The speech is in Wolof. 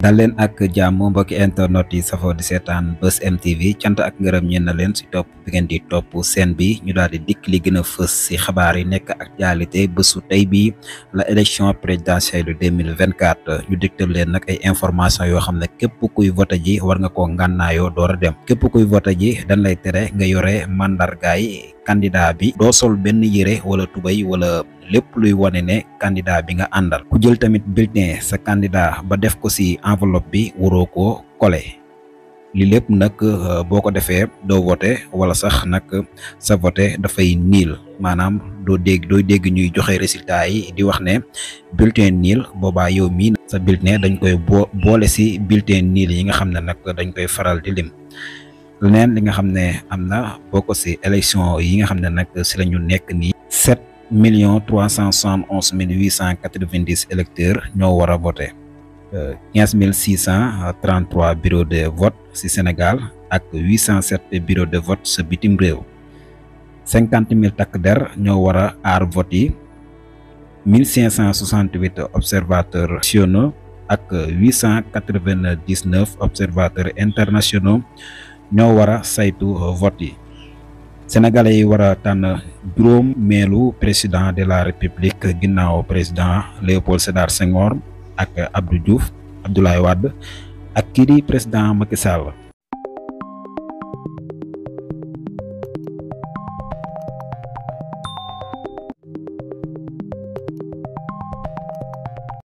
dal leen ak jàmm mbokki internet yi safoo di seetaan Buzz M TV cant ak ngërëm ñeen na leen si topp bi ngeen di topp seen bi ñu daal di dikk li gën a fës si xabaar yi nekk ak actualité bésu tey bii la élection présidentielle 2024 ñu diktal leen nag ay information yoo xam ne képp kuy vote ji war nga koo ngànnaayoo door a dem képp kuy vote ji dan lay tere nga yore mandargaay candidat bi doo sol benn yére wala tubéy wala lepp luy wone ne candidat bi nga andal ku jël tamit bulletin sa candidat ba def ko ci enveloppe bi waroo koo li lepp nak euh, boko defé do doo voté wala sax nak sa voté fay nil manam do dégg do dégg ñuy joxe résultat yi di wax ne bulletin nil boba yow mi sa bulletin dañ koy bolé ci bulletin nil yi nga xamné nak dañ koy faral di lim lenen li nga xamné amna boko ci élection yi nga xamné nak ci lañu nekk 890 électeurs ñoo wara voter 15633 bureaux de vote au Sénégal ak 807 bureaux de vote ce bitim 50 50000 tak der pas voté. 1568 observateurs nationaux ak 899 observateurs internationaux n'ont wara voté. sénégalais yi war a tànn juróom meelu président de la république ginnaaw président Léopold Sédar Senghor ak Abdou Diouf Abdoulaye Wade ak kii di président Macky